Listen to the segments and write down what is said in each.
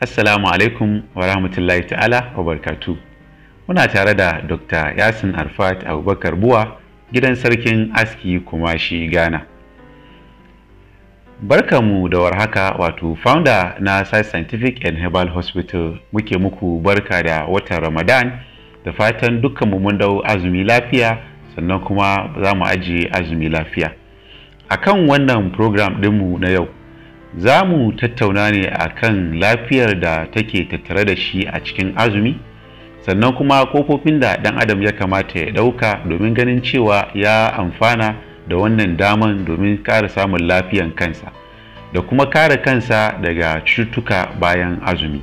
Assalamu alaikum wa rahmatullahi ta'ala wa barkatu. Muna tare da Dr. Yasin Arfat Abubakar Buwa, gidan sarkin aski kuma shi Ghana. Barkamu da warhaka wato founder na Science Scientific and Herbal Hospital muke muku barka da watan Ramadan da fatan mu mun dau azumi lafiya sannan kuma za mu ajiye azumi lafiya. Akan wannan program ɗinmu na yau za mu tattauna ne a kan lafiyar da take tattare da shi a cikin azumi sannan kuma kofofin da ɗan adam ya kamata ya ɗauka domin ganin cewa ya amfana da wannan daman domin kare samun lafiyan kansa da kuma kare kansa daga cututtuka bayan azumi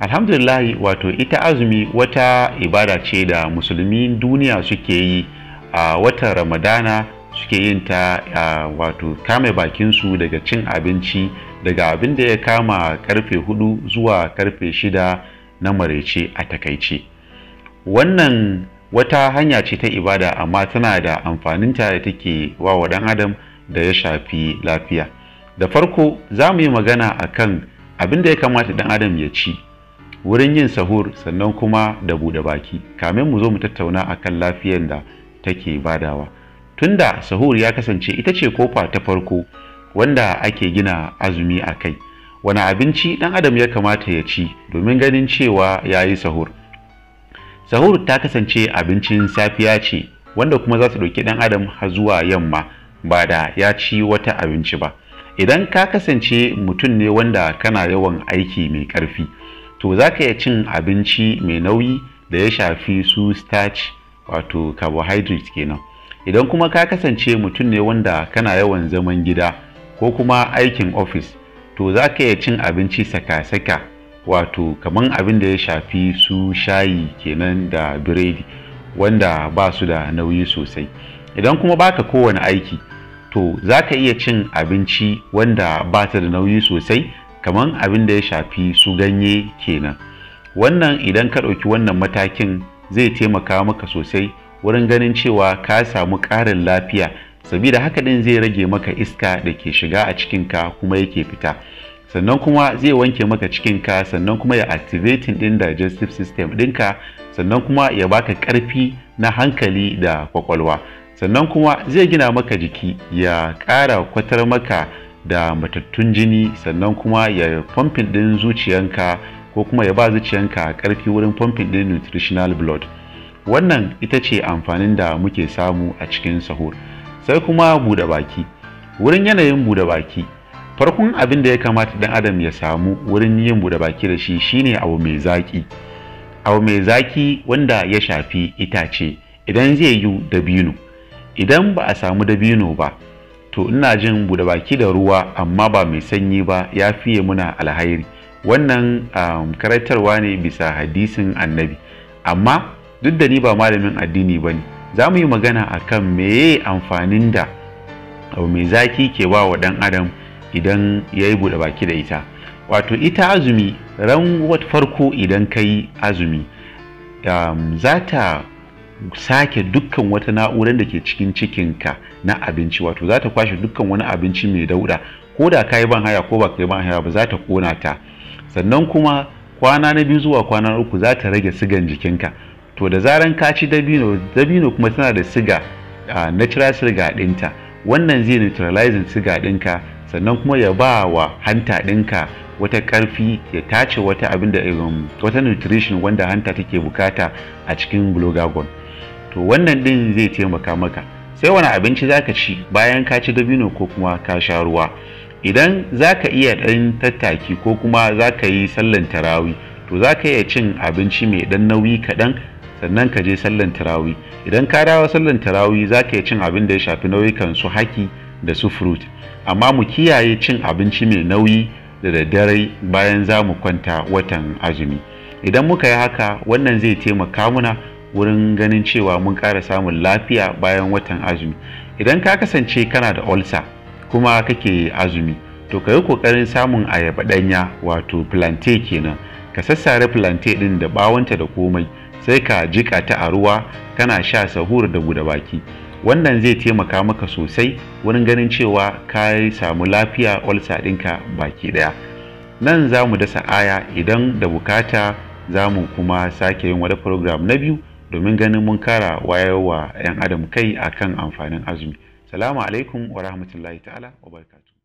alhamdulillahi wato ita azumi wata ibada ce da musulmi duniya suke yi a watan ramadana suke yin ta a wato kame bakinsu daga cin abinci daga abin da ya kama karfe hudu zuwa karfe shida na marece a takaice wannan wata hanya ce ta ibada amma tana da amfaninta da take wa wa dan adam da ya shafi lafiya da farko za mu yi magana a kan abin da ya kamata dan adam ya ci wurin yin sahur sannan kuma da buɗe baki kamin mu zo mu tattauna akan lafiyar da take badawa. tunda sahur ya kasance ita ce kofa ta farko wanda ake gina azumi a kai wani abinci ɗan adam ya kamata ya ci domin ganin cewa ya yi sahur sahur ta kasance abincin safiya ce wanda kuma za su ɗauki ɗan adam har zuwa yamma ba da ya ci wata abinci ba idan ka kasance mutum ne wanda kana yawan aiki mai ƙarfi to za ka iya cin abinci mai nauyi da ya shafi su starch wato carbohydrates kenan idan kuma ka kasance mutum ne wanda kana yawan zaman gida ko kuma aikin ofis to za ka iya cin abinci saka-saka wato kamar abin da ya shafi su shayi kenan da biredi wanda ba su da nauyi sosai idan kuma baka kowane aiki to za ka iya cin abinci wanda ba ta da nauyi sosai kamar abin da ya shafi su ganye kenan wannan idan ka ɗauki wannan matakin zai taimaka maka sosai wurin ganin cewa ka samu ƙarin lafiya sabida haka din zai rage maka iska da ke shiga a cikinka kuma yake fita sannan kuma zai wanke maka cikinka sannan kuma ya activating din digestive system ɗinka sannan kuma ya baka ƙarfi na hankali da kwakwalwa sannan kuma zai gina maka jiki ya ƙara kwatar maka da matattun jini sannan kuma ya pumping ɗin zuciyanka ko kuma ya ba zuciyanka ƙarfi wurin pumping ɗin nutritional blood wannan ita ce amfanin da muke samu a cikin sahur sai kuma buɗe baki wurin yanayin buɗe baki farkon abin da ya kamata dan adam ya samu wurin yin buɗe baki da shi shine abu mai zaƙi abu mai zaki wanda ya shafi itace idan zai yi dabino idan ba a samu dabino ba to ina jin buɗe baki da ruwa amma ba mai sanyi ba ya fiye muna alhairi wannan um, karatarwa ne bisa hadisin annabi amma duk da ni ba malamin addini ba ne za mu yi magana a kan meye amfanin da abu mai zaki ke ba wa ɗan adam idan ya yi buɗe baki da ita wato ita azumi ran farko idan ka yi azumi um, za ta sake dukkan wata na'urar da ke cikin cikinka na abinci wato za ta kwashe dukkan wani abinci mai dauda ko da ka yi ban haya ko ba ka yi ban haya ba za ta kona ta sannan kuma kwana na biyu zuwa kwana uku za ta rage sigan jikinka to da zaran ka ci dabino dabino kuma tana da siga a natural siga ɗinta wannan zai neutralizing siga ɗinka sannan kuma ya ba wa hanta ɗinka wata ƙarfi ya tace wata abin da um, wata nutrition wanda hanta take bukata a cikin glucagon to wannan din zai taimaka maka sai wani abinci zaka ci bayan ka ci dabino ko kuma ka sha ruwa idan zaka iya ɗan tattaki ko kuma zaka yi sallan tarawi to zaka iya cin abinci mai ɗan nauyi kaɗan sannan ka je sallan tirawi idan ka dawo sallan tirawi za ka yi cin abin da ya shafi nauyukan su haki da su fruit amma mu kiyaye cin abinci mai nauyi da daddare bayan za mu kwanta watan azumi idan muka yi haka wannan zai taimaka muna wurin ganin cewa mun ƙara samun lafiya bayan watan azumi idan ka kasance kana da olsa kuma kake azumi to ka yi ƙoƙarin samun ayaba ɗanya wato plantain kenan ka sassare plantain ɗin da bawonta da komai sai ka jika ta a ruwa kana sha sahur da buɗe baki wannan zai taimaka maka sosai wurin ganin cewa ka samu lafiya olsa ɗinka baki ɗaya nan za mu dasa aya idan da bukata za mu kuma sake yin wani program na biyu domin ganin mun kara wayarwa 'yan adam kai akan amfanin azumi salamu alaikum wa rahmatullahi ta'ala wa barkatu